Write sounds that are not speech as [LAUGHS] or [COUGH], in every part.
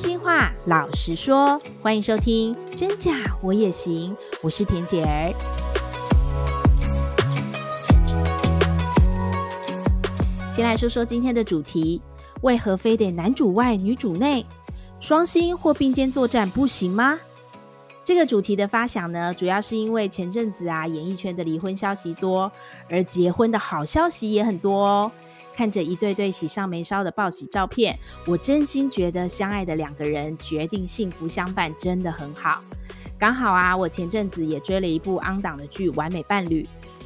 心話老實說，歡迎收聽真假我也行，我是恬姐兒。先來說說今天的主題：為何非得男主外女主內，雙薪或並肩作戰不行嗎？這個主題的發想呢，主要是因為前陣子啊，演藝圈的離婚消息多，而結婚的好消息也很多哦。看着一對對喜上眉梢的報喜照片，我真心覺得相愛的兩個人決定幸福相伴真的很好。剛好啊，我前陣子也追了一部夯檔的劇《完美伴侶》，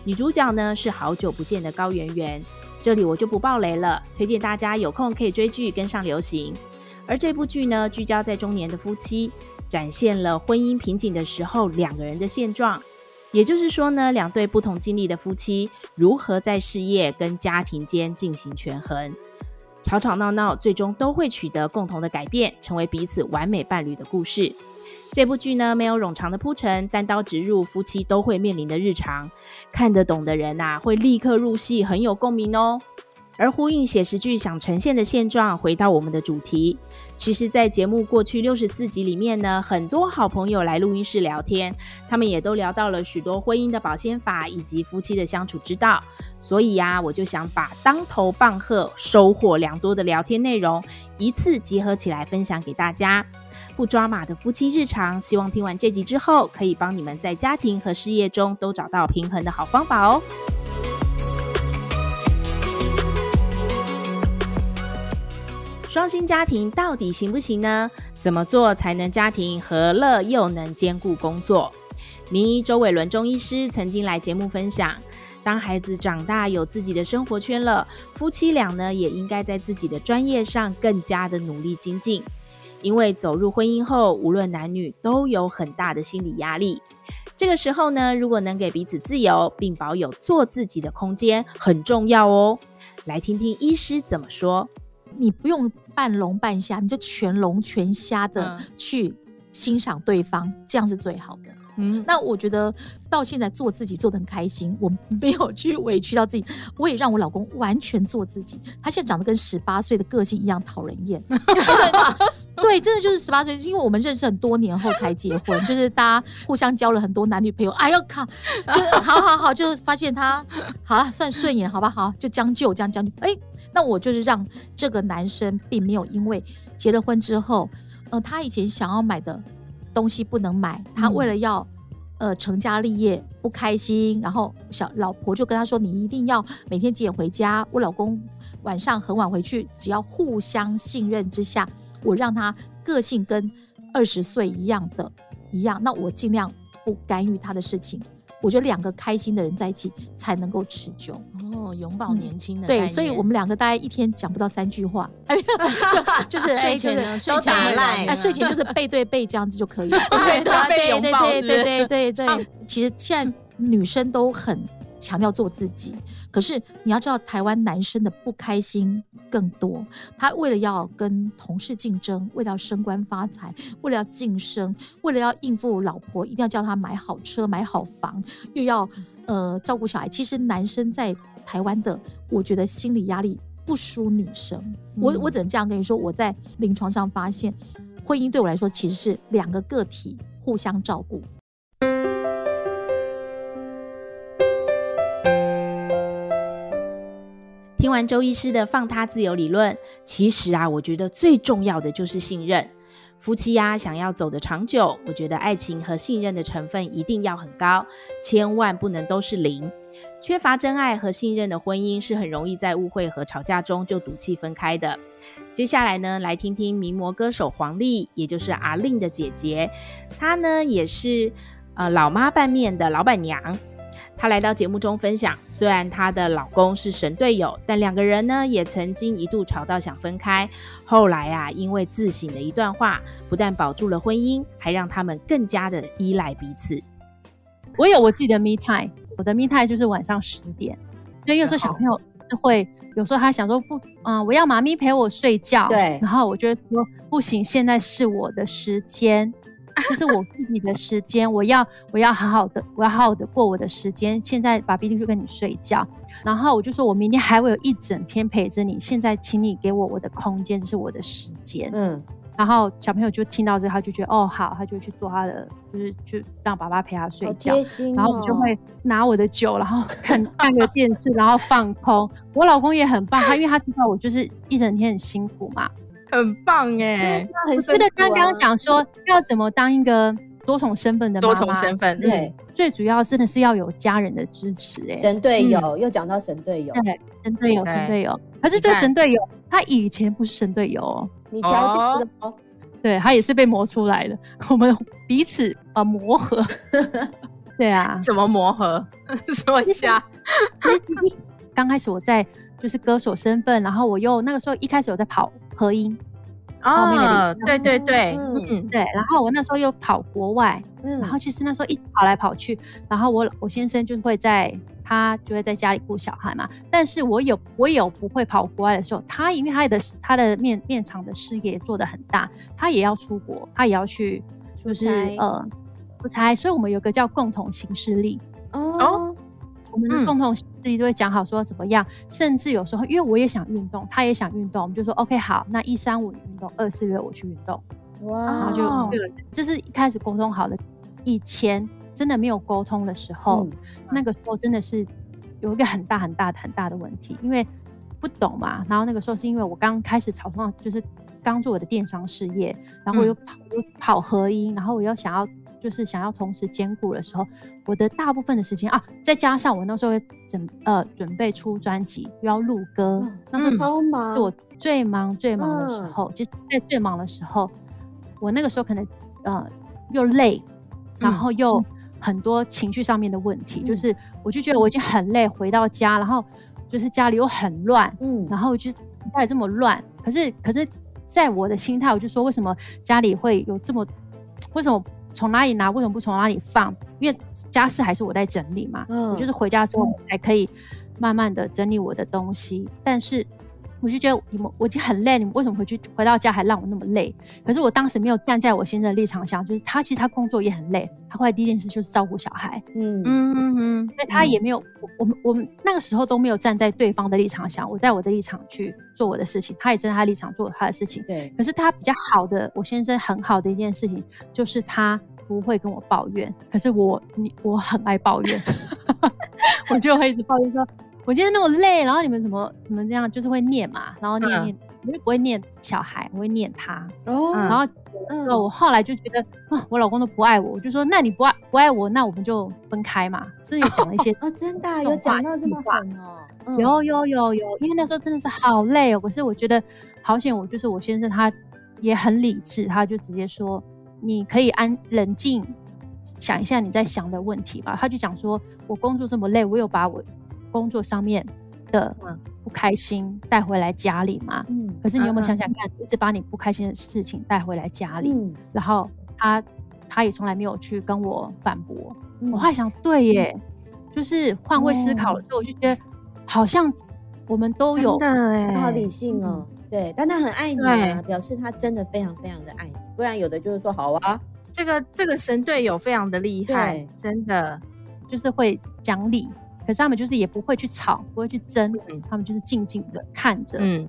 女主角呢是好久不見的高圓圓。這裡我就不爆雷了，推薦大家有空可以追劇跟上流行。而這部劇呢，聚焦在中年的夫妻，展現了婚姻瓶頸的時候兩個人的現狀。也就是說呢，兩對不同經歷的夫妻如何在事業跟家庭間進行權衡，吵吵鬧鬧，最終都會取得共同的改變，成為彼此完美伴侶的故事。這部劇呢，沒有冗長的鋪陳，單刀直入，夫妻都會面臨的日常，看得懂的人啊，會立刻入戲，很有共鳴哦。而呼應寫實劇想呈現的現狀，回到我們的主題。其實，在節目過去六十四集裡面呢，很多好朋友來錄音室聊天，他們也都聊到了許多婚姻的保鮮法以及夫妻的相處之道。所以啊，我就想把當頭棒喝、收穫良多的聊天內容一次集合起來分享給大家。不抓馬的夫妻日常，希望聽完這集之後，可以幫你們在家庭和事業中都找到平衡的好方法哦。雙薪家庭到底行不行呢？怎麼做才能家庭和樂又能兼顧工作？名醫鄒瑋倫中醫師曾經來節目分享，當孩子長大有自己的生活圈了，夫妻倆呢也應該在自己的專業上更加的努力精進。因為走入婚姻後，無論男女都有很大的心理壓力。這個時候呢，如果能給彼此自由，並保有做自己的空間，很重要哦。來聽聽醫師怎麼說。你不用半聾半瞎，你就全聾全瞎的去欣賞對方，這樣是最好的。嗯，那我覺得到現在做自己做得很開心，我沒有去委屈到自己，我也讓我老公完全做自己。他現在長得跟十八歲的個性一樣討人厭，對，真的就是十八歲。因為我們認識很多年後才結婚， [LAUGHS] 就是大家互相交了很多男女朋友。 [LAUGHS] 哎呦靠，就好好好，就發現他好了，算順眼好不好，好吧，好就將就將將就。哎、欸，那我就是讓這個男生並沒有因為結了婚之後，呃，他以前想要買的。東西不能買，他為了要，嗯、呃，成家立業不開心，然後小老婆就跟他說：“你一定要每天幾點回家？我老公晚上很晚回去，只要互相信任之下，我讓他個性跟二十歲一樣的，一樣，那我盡量不干預他的事情。”我覺得兩個開心的人在一起才能夠持久哦，擁抱年輕的、嗯、對，所以我們兩個大概一天講不到三句話， [LAUGHS] [LAUGHS] 就是 [LAUGHS] 睡前睡前那睡前就是背對背 [LAUGHS] 這樣子就可以，對對對對對對對，唱其實現在女生都很。強調做自己，可是你要知道，台灣男生的不開心更多。他為了要跟同事競爭，為了要升官發財，為了要晉升，為了要應付老婆，一定要叫他買好車、買好房，又要呃照顧小孩。其實男生在台灣的，我覺得心理壓力不輸女生。我、嗯、我只能這樣跟你說，我在臨床上發現，婚姻對我來說其實是兩個個體互相照顧。聽完周醫師的放他自由理論，其實啊，我覺得最重要的就是信任。夫妻呀、啊，想要走得長久，我覺得愛情和信任的成分一定要很高，千萬不能都是零。缺乏真愛和信任的婚姻，是很容易在誤會和吵架中就賭氣分開的。接下來呢，來聽聽名模歌手黃莉，也就是 A-Lin 的姐姐，她呢也是呃，老媽拌麵的老板娘。她來到節目中分享，雖然她的老公是神隊友，但兩個人呢也曾經一度吵到想分開。後來啊，因為自省的一段話，不但保住了婚姻，還讓他們更加的依賴彼此。我有我自己的 me time，我的 me time 就是晚上十點，所以後有時候小朋友就會有時候他想說不，嗯、呃，我要媽咪陪我睡覺。對，然後我覺得說不行，現在是我的時間。 [LAUGHS] 就是我自己的時間，我要我要好好的，我要好好的過我的時間。現在爸爸就跟你睡覺，然後我就說我明天還會有，一整天陪着你。現在請你給我我的空間，就是我的時間。嗯，然後小朋友就聽到這，他就覺得哦好，他就去做他的，就是就讓爸爸陪他睡覺。哦、然後我就會拿我的酒，然後看看個電視， [LAUGHS] 然後放空。我老公也很棒，他因為他知道我就是一整天很辛苦嘛。很棒哎、欸，真的剛剛講說要怎麼當一個多重身份的媽媽，多重身份，對，嗯、最主要真的是要有家人的支持哎、欸，神隊友、嗯、又講到神隊友，對，神隊友，Okay 神隊友。可是這個神隊友他以前不是神隊友，你條件的夠，對他也是被磨出來的，我們彼此啊、呃、磨合， [LAUGHS] 對啊，怎麼磨合？ [LAUGHS] 說一下，剛 [LAUGHS] 開始我在。就是歌手身份，然後我又那個時候一開始我在跑合音，哦，哦，對對對，嗯，嗯對，然後我那時候又跑國外，嗯，然後其實那時候一直跑來跑去，然後我我先生就會在，他就會在家裡顧小孩嘛，但是我有我有不會跑國外的時候，他因為他的他的面面場的事業也做得很大，他也要出國，他也要去，就是出差呃出差，所以我們有個叫共同行事曆哦。哦我們共同自己都會講好說怎麼樣，嗯、甚至有時候因為我也想運動，他也想運動，我們就說 OK 好，那一三五運動，二四六我去運動。哇，然後就這是一開始溝通好的。以前真的沒有溝通的時候，嗯、那個時候真的是有一個很大很大的很大的問題，因為不懂嘛。然後那個時候是因為我剛開始草創，就是剛做我的電商事業，然後我又跑又跑合音，嗯，然後我又想要。就是想要同時兼顧的時候，我的大部分的時間啊，再加上我那時候準呃準備出專輯，又要錄歌，嗯、那時候、嗯、是我最忙最忙的時候，嗯、就在最忙的時候，我那個時候可能呃又累，然後又很多情緒上面的問題，嗯嗯、就是我就覺得我已經很累，回到家，然後就是家裡又很亂，嗯，然後就家裡這麼亂，可是可是在我的心態，我就說為什麼家裡會有這麼為什麼？從哪裡拿？為什麼不從哪裡放？因為家事還是我在整理嘛，我、嗯、就是回家之後才可以慢慢的整理我的東西，但是。我就覺得你們，我已經很累，你們為什麼回去回到家還讓我那麼累？可是我當時沒有站在我先生的立場想，就是他其實他工作也很累，他後來第一件事就是照顧小孩，嗯嗯嗯嗯，嗯因為他也沒有、嗯、我我們我們那個時候都沒有站在對方的立場想，我在我的立場去做我的事情，他也站在他立場做他的事情。對，可是他比較好的，我先生很好的一件事情就是他不會跟我抱怨，可是我你我很愛抱怨， [LAUGHS] [LAUGHS] 我就會一直抱怨說。我今天那麼累，然後你們怎麼怎麼這樣，就是會念嘛，然後念念，嗯、我就不會念小孩，我會念他。哦，然後、嗯、我後來就覺得，我老公都不愛我，我就說，那你不愛不愛我，那我們就分開嘛。所以講了一些哦，真的種有講到這麼晚哦，嗯、有有有有，因為那時候真的是好累哦。可是我覺得好險，我就是我先生他也很理智，他就直接說，你可以安冷靜想一下你在想的問題吧。他就講說，我工作這麼累，我有把我。工作上面的不開心帶回來家裡嘛？嗯，可是你有沒有想想看，一直把你不開心的事情帶回來家裡，然後他他也從來沒有去跟我反駁。我後來想，對耶，就是換位思考了之後，我就覺得好像我們都有對，他好理性哦。對，但他很愛你啊，表示他真的非常非常的愛你。不然有的就是說，好啊，這個這個神隊友非常的厲害，真的就是會講理。可是他們就是也不會去吵，不會去爭，嗯、他們就是靜靜的看着。嗯，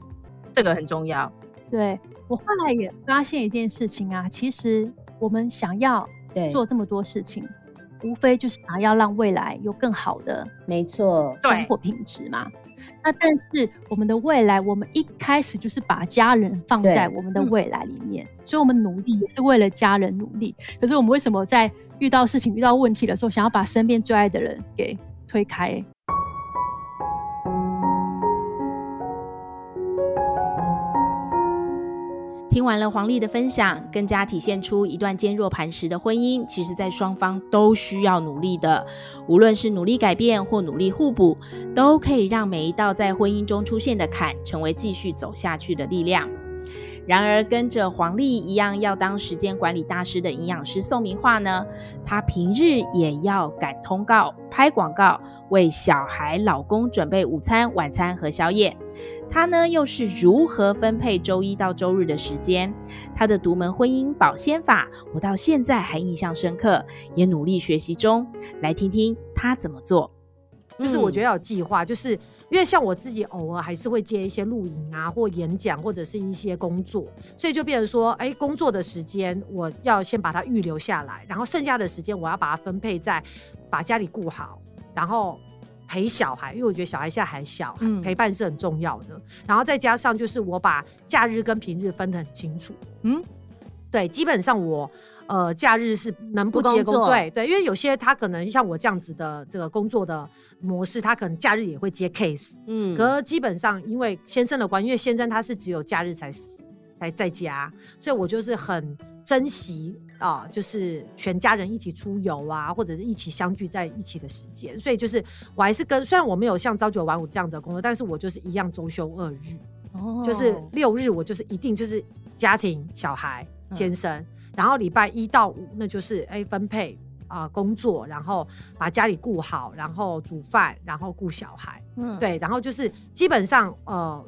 這個很重要。對，我後來也發現一件事情啊，其實我們想要做這麼多事情，對無非就是想要讓未來有更好的，沒錯，生活品質嘛。對那但是我們的未來，我們一開始就是把家人放在我們的未來裡面，嗯、所以我們努力也是為了家人努力。可是我們為什麼在遇到事情、遇到問題的時候，想要把身邊最愛的人給推開。聽完了黃莉的分享，更加體現出一段堅若磐石的婚姻，其實在雙方都需要努力的。無論是努力改變或努力互補，都可以讓每一道在婚姻中出現的坎，成為繼續走下去的力量。然而，跟着黃莉一樣要當時間管理大師的營養師宋明樺呢，他平日也要趕通告、拍廣告，為小孩、老公準備午餐、晚餐和宵夜。他呢，又是如何分配周一到周日的時間？他的獨門婚姻保鮮法，我到現在還印象深刻，也努力學習中。來聽聽他怎麼做，嗯、就是我覺得要有計劃，就是。因為像我自己偶爾還是會接一些錄影啊，或演講，或者是一些工作，所以就變成說，哎、欸，工作的時間我要先把它預留下來，然後剩下的時間我要把它分配在把家裡顧好，然後陪小孩，因為我覺得小孩現在還小，嗯、陪伴是很重要的。然後再加上就是我把假日跟平日分得很清楚，嗯，對，基本上我。呃，假日是能不接工作？不工作。對對，因為有些他可能像我這樣子的這個工作的模式，他可能假日也會接 case。嗯，可是基本上因為先生的關係，因為先生他是只有假日才才在家，所以我就是很珍惜啊，呃，就是全家人一起出遊啊，或者是一起相聚在一起的時間。所以就是我還是跟，雖然我沒有像朝九晚五這樣子的工作，但是我就是一樣周休二日，哦，就是六日我就是一定就是家庭小孩先生。嗯然後禮拜一到五，那就是誒分配啊、呃、工作，然後把家裡顧好，然後煮飯，然後顧小孩，嗯、對，然後就是基本上呃，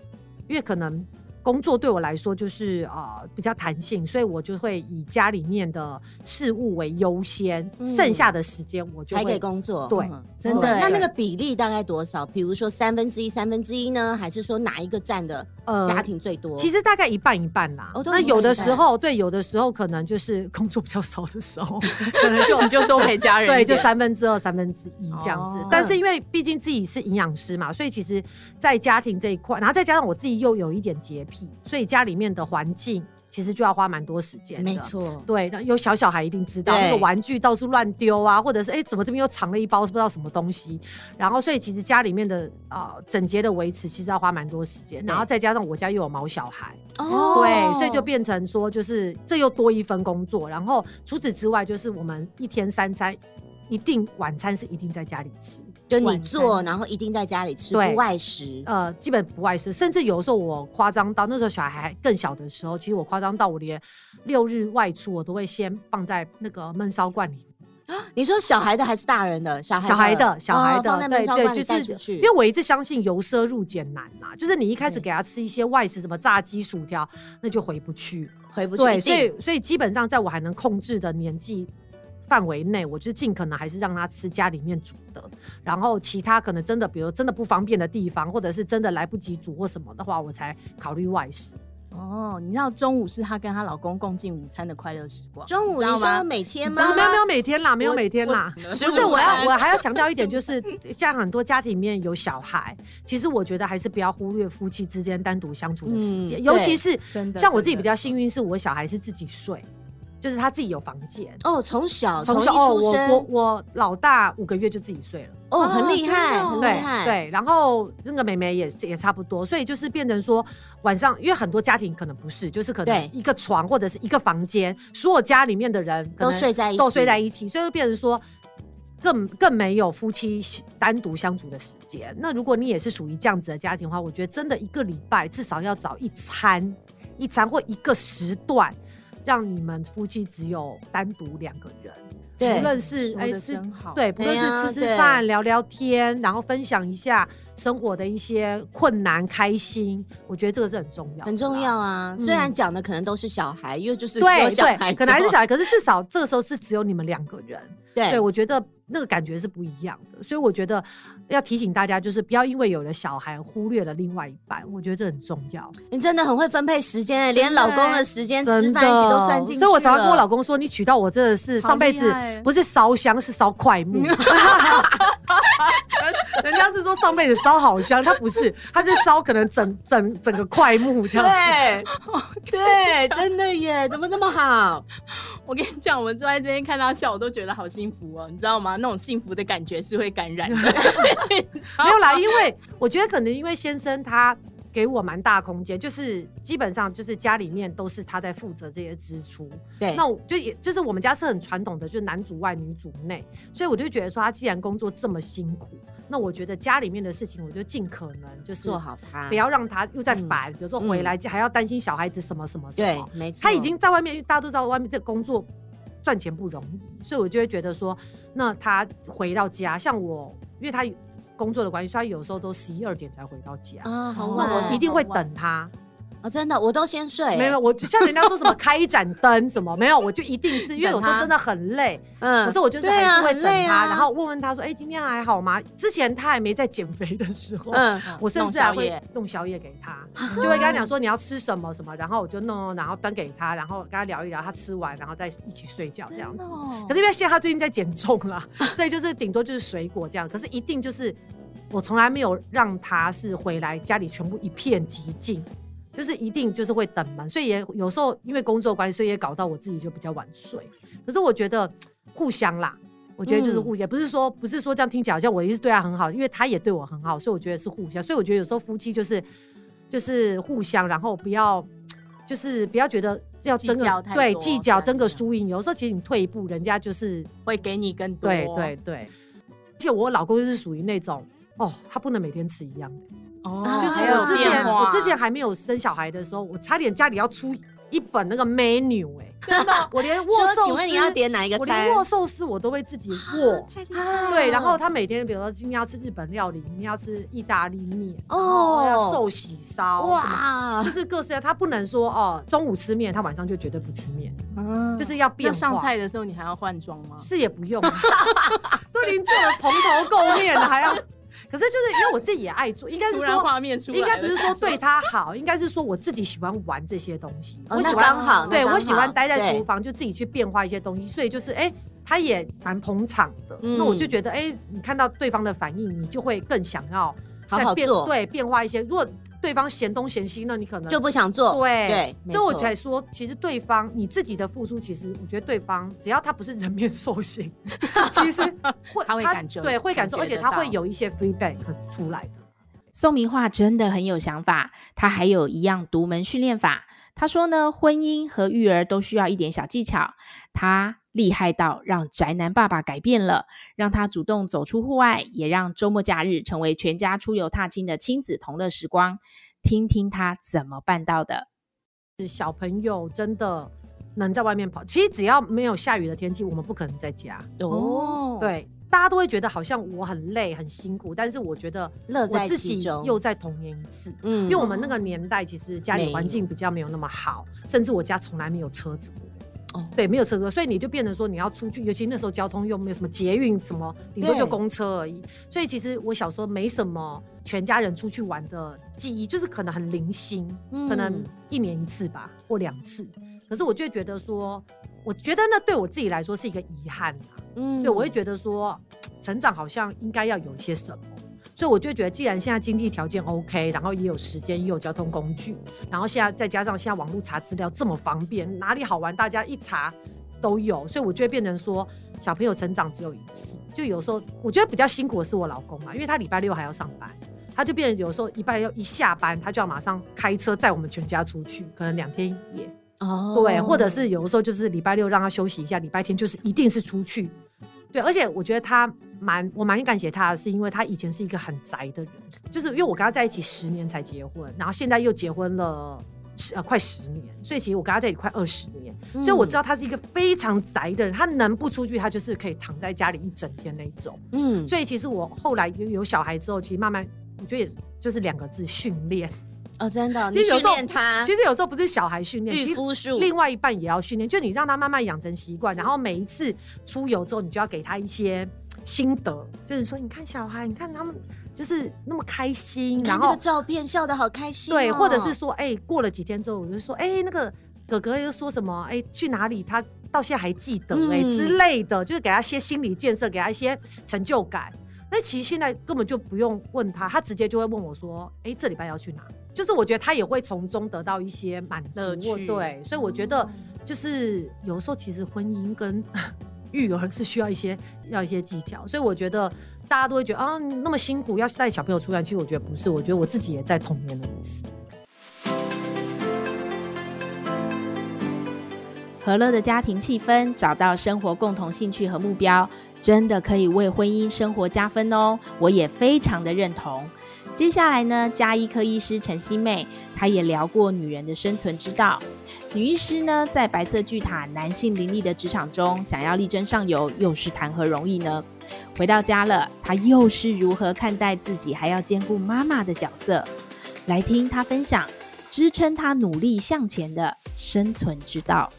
越可能。工作對我來說就是啊、呃、比較彈性，所以我就會以家裡面的事務為優先，嗯、剩下的時間我就會還給工作。對、嗯，真的、哦。那那個比例大概多少？比如說三分之一、三分之一呢？還是說哪一個占的呃家庭最多、呃？其實大概一半一半啦。哦、一半一半，那有的時候對，有的時候可能就是工作比較少的時候， [LAUGHS] 可能就我們就多陪家人。對，就三分之二、三分之一這樣子。哦、但是因為畢竟自己是營養師嘛，所以其實在家庭這一塊，然後再加上我自己又有一點潔癖。所以家裡面的環境其實就要花蠻多時間沒錯錯。對，有小小孩一定知道對那個玩具到處亂丟啊，或者是哎、欸、怎麼這邊又藏了一包不知道什麼東西。然後所以其實家裡面的啊、呃、整潔的維持其實要花蠻多時間，對然後再加上我家又有毛小孩，哦，對，所以就變成說就是這又多一份工作。然後除此之外，就是我們一天三餐一定晚餐是一定在家裡吃。就你做，全然後一定在家裡吃，對不外食。呃，基本不外食，甚至有時候我誇張到那時候小孩更小的時候，其實我誇張到我連六日外出我都會先放在那個燜燒罐裡。啊，你說小孩的還是大人的？小孩的，小孩的，小孩的。放在燜燒罐裡。哦、對對，就是因為我一直相信由奢入儉難嘛、啊，就是你一開始給他吃一些外食，什麼炸雞薯條，那就回不去了，對對回不去了。對，所以所以基本上在我還能控制的年紀。範圍內，我就盡可能還是讓他吃家裡面煮的，然後其他可能真的，比如真的不方便的地方，或者是真的來不及煮或什麼的話，我才考慮外食。哦，你知道中午是他跟他老公共進午餐的快樂時光。中午你，你說每天嗎？嗎沒有沒有每天啦，沒有每天啦。不是，我要我還要強調一點，就是 [LAUGHS] 像很多家庭裡面有小孩，其實我覺得還是不要忽略夫妻之間單獨相處的時間，嗯、尤其是真的。像我自己比較幸運，這個、是我小孩是自己睡。就是他自己有房間哦，從小從小從哦，我我我老大五個月就自己睡了哦，哦，很厲害，哦，很厲害，對，對，然後那個妹妹也也差不多，所以就是變成說晚上，因為很多家庭可能不是，就是可能一個床或者是一個房間，所有對家裡面的人都睡在一起，都睡在一起，所以就變成說更更沒有夫妻單獨相處的時間。那如果你也是屬於這樣子的家庭的話，我覺得真的一個禮拜至少要找一餐，一餐或一個時段。讓你們夫妻只有單獨兩個人，不論是哎吃對，不論是吃吃飯、聊聊天，然後分享一下生活的一些困難、開心，我覺得這個是很重要、很重要啊。雖然講的可能都是小孩，因為就是對對，可能還是小孩，可是至少這個時候是只有你們兩個人。對，對，我覺得。那個感覺是不一樣的，所以我覺得要提醒大家，就是不要因為有了小孩忽略了另外一半，我覺得這很重要。你真的很會分配時間。欸，欸、連老公的時間的吃飯都算進去。所以我常常跟我老公說，你娶到我真的是上輩子不是燒香是燒檜木。哈哈哈，人家是說上輩子燒好香，他不是，他是燒可能整整整個檜木這樣子。對，對，真的耶，怎麼這麼好？我跟你講，我們坐在這邊看他笑，我都覺得好幸福哦。喔，你知道嗎？那種幸福的感覺是會感染的，沒有啦，因為我覺得可能因為先生他給我蠻大空間，就是基本上就是家裡面都是他在負責這些支出，對，那我就也就是我們家是很傳統的，就是男主外女主內，所以我就覺得說他既然工作這麼辛苦，那我覺得家裡面的事情，我就盡可能就是做好他，不要讓他又再煩，嗯，比如說回來還要擔心小孩子什麼什麼什麼，對，沒錯，他已經在外面，大家都在外面的工作。賺錢不容易，所以我就會覺得說，那他回到家，像我，因為他工作的關係，所以他有時候都十一二點才回到家，那、哦、好晚，我一定會等他。啊，oh, 真的，我都先睡，欸。沒有，我就像人家說什麼開一盞燈什麼， [LAUGHS] 沒有，我就一定是因為我說真的很累，嗯，可是我就是、啊、還是會等他，累啊，然後問問他說，哎、欸，今天還好嗎？之前他還沒在減肥的時候，嗯，我甚至還會弄宵，弄宵夜給他，就會跟他講說你要吃什麼什麼，然後我就弄，然後端給他，然後跟他聊一聊，他吃完然後再一起睡覺這樣子。哦、可是因為現在他最近在減重了，所以就是頂多就是水果這樣，可是一定就是我從來沒有讓他是回來家裡全部一片寂靜。就是一定就是會等嘛，所以也有時候因為工作關係，所以也搞到我自己就比較晚睡。可是我覺得互相啦，我覺得就是互相，嗯，不是說不是說這樣聽起來好像我一直對他很好，因為他也對我很好，所以我覺得是互相。所以我覺得有時候夫妻就是就是互相，然後不要就是不要覺得要爭個對計較爭個輸贏。有時候其實你退一步，人家就是會給你更多。對對對，而且我老公就是屬於那種哦，他不能每天吃一樣的。就是我之前，我之前還沒有生小孩的時候，我差點家裡要出一本那個 menu 哎，真的，我連握壽司，請問你要點哪一個？我連握壽司我都會自己握，對。然後他每天，比如說今天要吃日本料理，明天要吃意大利麵，哦，壽喜燒，哇，就是各式各樣。他不能說哦，中午吃麵，他晚上就絕對不吃麵，嗯，就是要變化。上菜的時候你還要換裝嗎？是也不用，都連做的蓬頭垢面的還要。 [LAUGHS] 可是就是因為我自己也愛做，應該是說，應該不是說對他好，應該是說我自己喜歡玩這些東西。我喜歡，對我喜歡待在廚房，就自己去變化一些東西。所以就是，哎，他也蠻捧場的。那我就覺得，哎，你看到對方的反應，你就會更想要再變，對，變化一些。如果對方嫌東嫌西，那你可能就不想做。對，所以我才說，其實對方你自己的付出，其實我覺得對方只要他不是人面獸心， [LAUGHS] [LAUGHS] 其實會他會感覺，對，會感受，感覺而且他會有一些 feedback 出來的。宋明樺真的很有想法，他還有一樣獨門訓練法。他說呢，婚姻和育兒都需要一點小技巧。他。厲害到讓宅男爸爸改變了，讓他主動走出戶外，也讓周末假日成為全家出遊踏青的親子同樂時光。聽聽他怎麼辦到的？是小朋友真的能在外面跑，其實只要沒有下雨的天氣，我們不可能在家。哦，對，大家都會覺得好像我很累很辛苦，但是我覺得樂在其中，又在童年一次。嗯，因為我們那個年代其實家裡環境比較沒有那麼好，有甚至我家從來沒有車子過。對，沒有車車，所以你就變成說你要出去，尤其那時候交通又沒有什麼捷運什麼，頂多就公車而已。對所以其實我小時候沒什麼全家人出去玩的記憶，就是可能很零星，嗯，可能一年一次吧，或兩次。可是我就會覺得說，我覺得那對我自己來說是一個遺憾。嗯，對，我會覺得說，成長好像應該要有一些什麼。所以我就覺得，既然現在經濟條件 OK，然後也有時間，也有交通工具，然後現在再加上現在網絡查資料這麼方便，哪裡好玩大家一查都有，所以我就會變成說，小朋友成長只有一次，就有時候我覺得比較辛苦的是我老公嘛，因為他禮拜六還要上班，他就變成有時候禮拜六一下班，他就要馬上開車載我們全家出去，可能兩天一夜。哦。Oh. 對，或者是有的時候就是禮拜六讓他休息一下，禮拜天就是一定是出去。對，而且我覺得他蠻我蠻感謝他，是因為他以前是一個很宅的人，就是因為我跟他在一起十年才結婚，然後現在又結婚了十呃快十年，所以其實我跟他在一起快二十年，嗯，所以我知道他是一個非常宅的人，他能不出去，他就是可以躺在家裡一整天那種。嗯，所以其實我後來有有小孩之後，其實慢慢我覺得也就是兩個字，訓練。Oh, 哦，真的，其實有時候，你訓練他。其實有時候不是小孩訓練，其實另外一半也要訓練。就你讓他慢慢養成習慣，然後每一次出遊之後，你就要給他一些心得，就是說，你看小孩，你看他們就是那麼開心，然後這個照片後笑得好開心、哦，對，或者是說，哎、欸，過了幾天之後，我就說，哎、欸，那個哥哥又說什麼，哎、欸，去哪裡？他到現在還記得哎、欸嗯、之類的，就是給他一些心理建設，給他一些成就感。那其實現在根本就不用問他，他直接就會問我說，哎、欸，這禮拜要去哪？就是我覺得他也會從中得到一些滿足的、樂趣。對，所以我覺得就是有時候其實婚姻跟育兒是需要一些要一些技巧，所以我覺得大家都會覺得啊，那麼辛苦要帶小朋友出來，其實我覺得不是，我覺得我自己也在童年的一次。和樂的家庭氣氛，找到生活共同興趣和目標，真的可以為婚姻生活加分哦！我也非常的認同。接下來呢，家醫科醫師陳欣湄，她也聊過女人的生存之道。女醫師呢，在白色巨塔男性林立的職場中，想要力爭上游，又是談何容易呢？回到家了，她又是如何看待自己還要兼顧媽媽的角色？來聽她分享，支撐她努力向前的生存之道。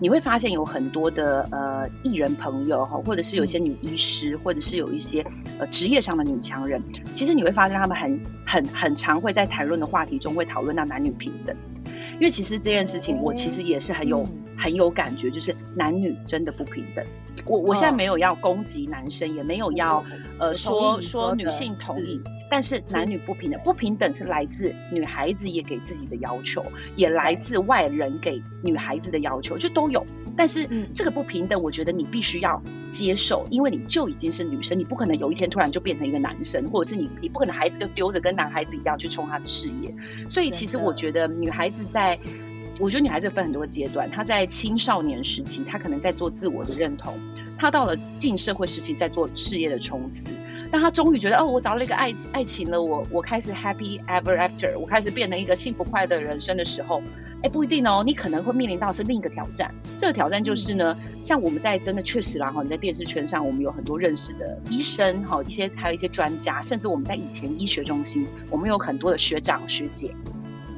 你會發現有很多的呃藝人朋友哈，或者是有些女醫師，或者是有一些呃職業上的女強人，其實你會發現他們很很很常會在談論的話題中會討論到男女平等。因為其實這件事情，我其實也是很有，嗯、很有感覺，就是男女真的不平等。嗯、我我現在沒有要攻擊男生，嗯、也沒有要、嗯、呃說說、說女性同意，是、但是男女不平等，對不平等是來自女孩子也給自己的要求，對也來自外人給女孩子的要求，就都有。但是、嗯、這個不平等，我覺得你必須要接受，因為你就已經是女生，你不可能有一天突然就變成一個男生，或者是你你不可能孩子就丟着跟男孩子一樣去衝他的事業。所以其實我覺得女孩子在，我覺得女孩子分很多階段，她在青少年時期，她可能在做自我的認同，她到了進社會時期，在做事業的衝刺，但她終於覺得哦，我找了一個愛愛情了，我我開始 happy ever after，我開始變成一個幸福快樂人生的時候。誒，不一定哦，你可能會面臨到是另一個挑戰。這個挑戰就是呢，嗯，像我們在真的確實啦，你在電視圈上，我們有很多認識的醫生哈，一些還有一些專家，甚至我們在以前醫學中心，我們有很多的學長學姐，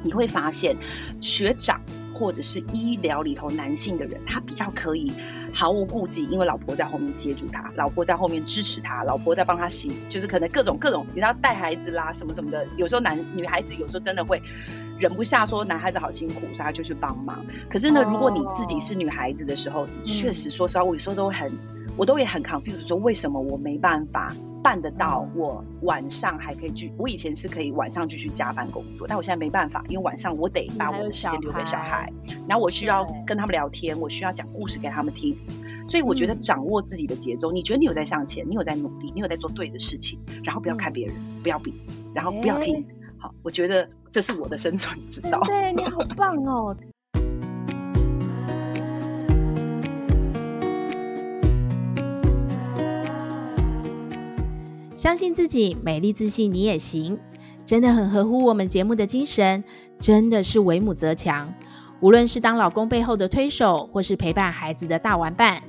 你會發現學長或者是醫療裡頭男性的人，他比較可以。毫無顧忌，因為老婆在後面接住他，老婆在後面支持他，老婆在幫他洗，就是可能各種各種，你知道帶孩子啦，什麼什麼的。有時候男女孩子有時候真的會忍不下，說男孩子好辛苦，所以他就去幫忙。可是呢，如果你自己是女孩子的時候，確實，oh. 說實話，我有時候都很，我都也很 confuse 說，為什麼我沒辦法。辦得到我，我、嗯、晚上還可以去。我以前是可以晚上繼續加班工作，但我現在沒辦法，因為晚上我得把我的時間留給小孩。小孩然後我需要跟他們聊天，對我需要講故事給他們聽。所以我覺得掌握自己的節奏。你覺得你有在向前，你有在努力，你有在做對的事情，然後不要看別人，嗯、不要比，然後不要聽。誒好，我覺得這是我的生存之道。對，你好棒哦！ [LAUGHS] 相信自己，美麗自信，你也行，真的很合乎我們節目的精神。真的是為母則強，無論是當老公背後的推手，或是陪伴孩子的大玩伴，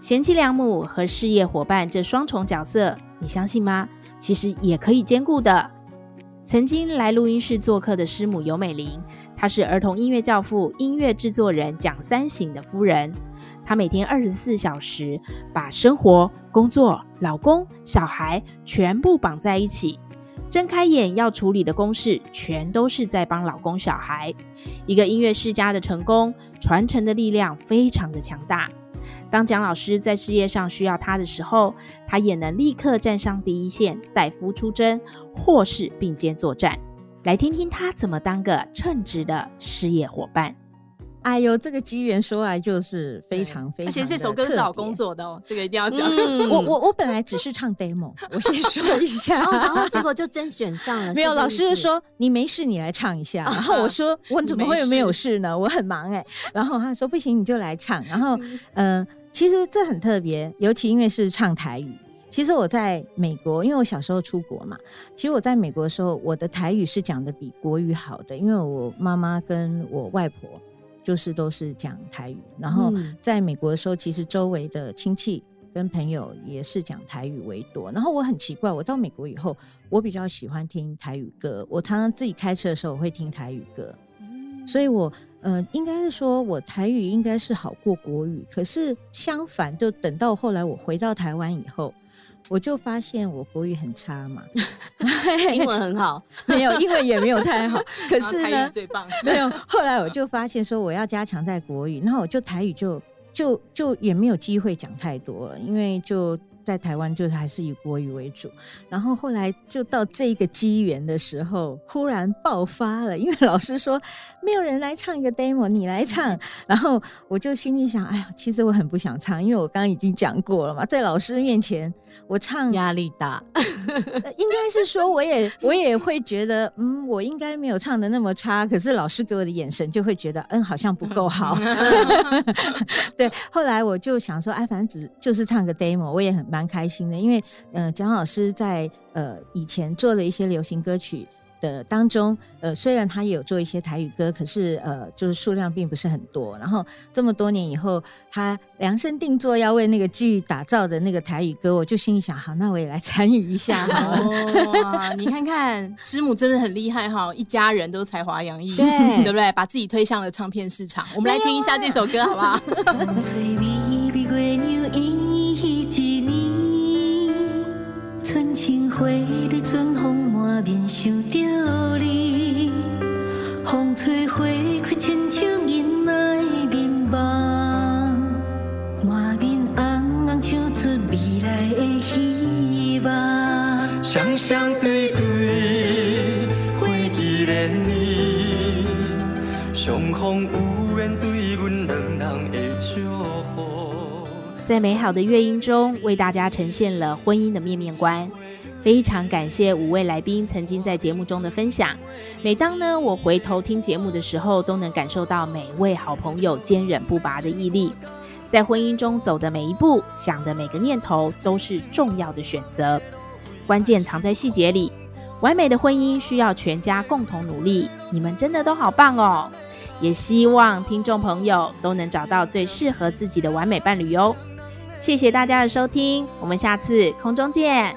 賢妻良母和事業夥伴這雙重角色，你相信嗎？其實也可以兼顧的。曾經來錄音室做客的師母游美齡。她是兒童音樂教父、音樂制作人蔣三省的夫人。她每天二十四小時把生活、工作、老公、小孩全部綁在一起，睜開眼要處理的公事全都是在幫老公、小孩。一個音樂世家的成功傳承的力量非常的強大。當蔣老師在事業上需要她的時候，她也能立刻站上第一線，代夫出征，或是並肩作戰。來聽聽他怎麼當個稱職的事業夥伴。哎呦，這個機緣說來就是非常非常，而且這首歌是找工作的哦，這個一定要講。我我我本來只是唱 demo，我先說一下，然後結果就真選上了。沒有，老師就說，你沒事，你來唱一下。然後我說我怎麼會沒有事呢？我很忙哎。然後他說不行，你就來唱。然後嗯，其實這很特別，尤其因為是唱台語。其實我在美國，因為我小時候出國嘛。其實我在美國的時候，我的台語是講得比國語好的，因為我媽媽跟我外婆就是都是講台語。然後在美國的時候，其實周圍的親戚跟朋友也是講台語為多。然後我很奇怪，我到美國以後，我比較喜歡聽台語歌。我常常自己開車的時候，我會聽台語歌。所以我，呃，應該是說我台語應該是好過國語。可是相反，就等到後來我回到台灣以後。我就發現我國語很差嘛， [LAUGHS] 英文很好， [LAUGHS] 沒有英文也沒有太好， [LAUGHS] 可是呢，台語最棒，沒有。後來我就發現說我要加強在國語，然後我就台語就就就也沒有機會講太多了，因為就。在台灣就還是以國語為主，然後後來就到這個機緣的時候，忽然爆發了。因為老師說沒有人來唱一個 demo，你來唱。然後我就心裡想，哎呀，其實我很不想唱，因為我剛剛已經講過了嘛，在老師面前我唱壓力大。 [LAUGHS] 呃、應該是說我也我也會覺得，嗯，我應該沒有唱的那麼差。可是老師給我的眼神就會覺得，嗯，好像不夠好。 [LAUGHS] 對，後來我就想說，哎，反正只就是唱個 demo，我也很。蠻開心的，因為呃，蔣老師在呃以前做了一些流行歌曲的當中，呃，雖然他也有做一些台語歌，可是呃，就是數量並不是很多。然後這麼多年以後，他量身定做要為那個劇打造的那個台語歌，我就心裡想，好，那我也來參與一下。好哦、哇， [LAUGHS] 你看看師母真的很厲害哈，一家人都才華洋溢，對，對不對？把自己推向了唱片市場。啊、我們來聽一下這首歌，好不好？ [LAUGHS] 在美好的月影中，為大家呈現了婚姻的面面觀。非常感謝五位來賓曾經在節目中的分享。每當呢，我回頭聽節目的時候，都能感受到每一位好朋友堅忍不拔的毅力。在婚姻中走的每一步，想的每個念頭都是重要的選擇。關鍵藏在細節裡，完美的婚姻需要全家共同努力。你們真的都好棒哦！也希望聽眾朋友都能找到最適合自己的完美伴侶喲、哦。謝謝大家的收聽，我們下次空中見。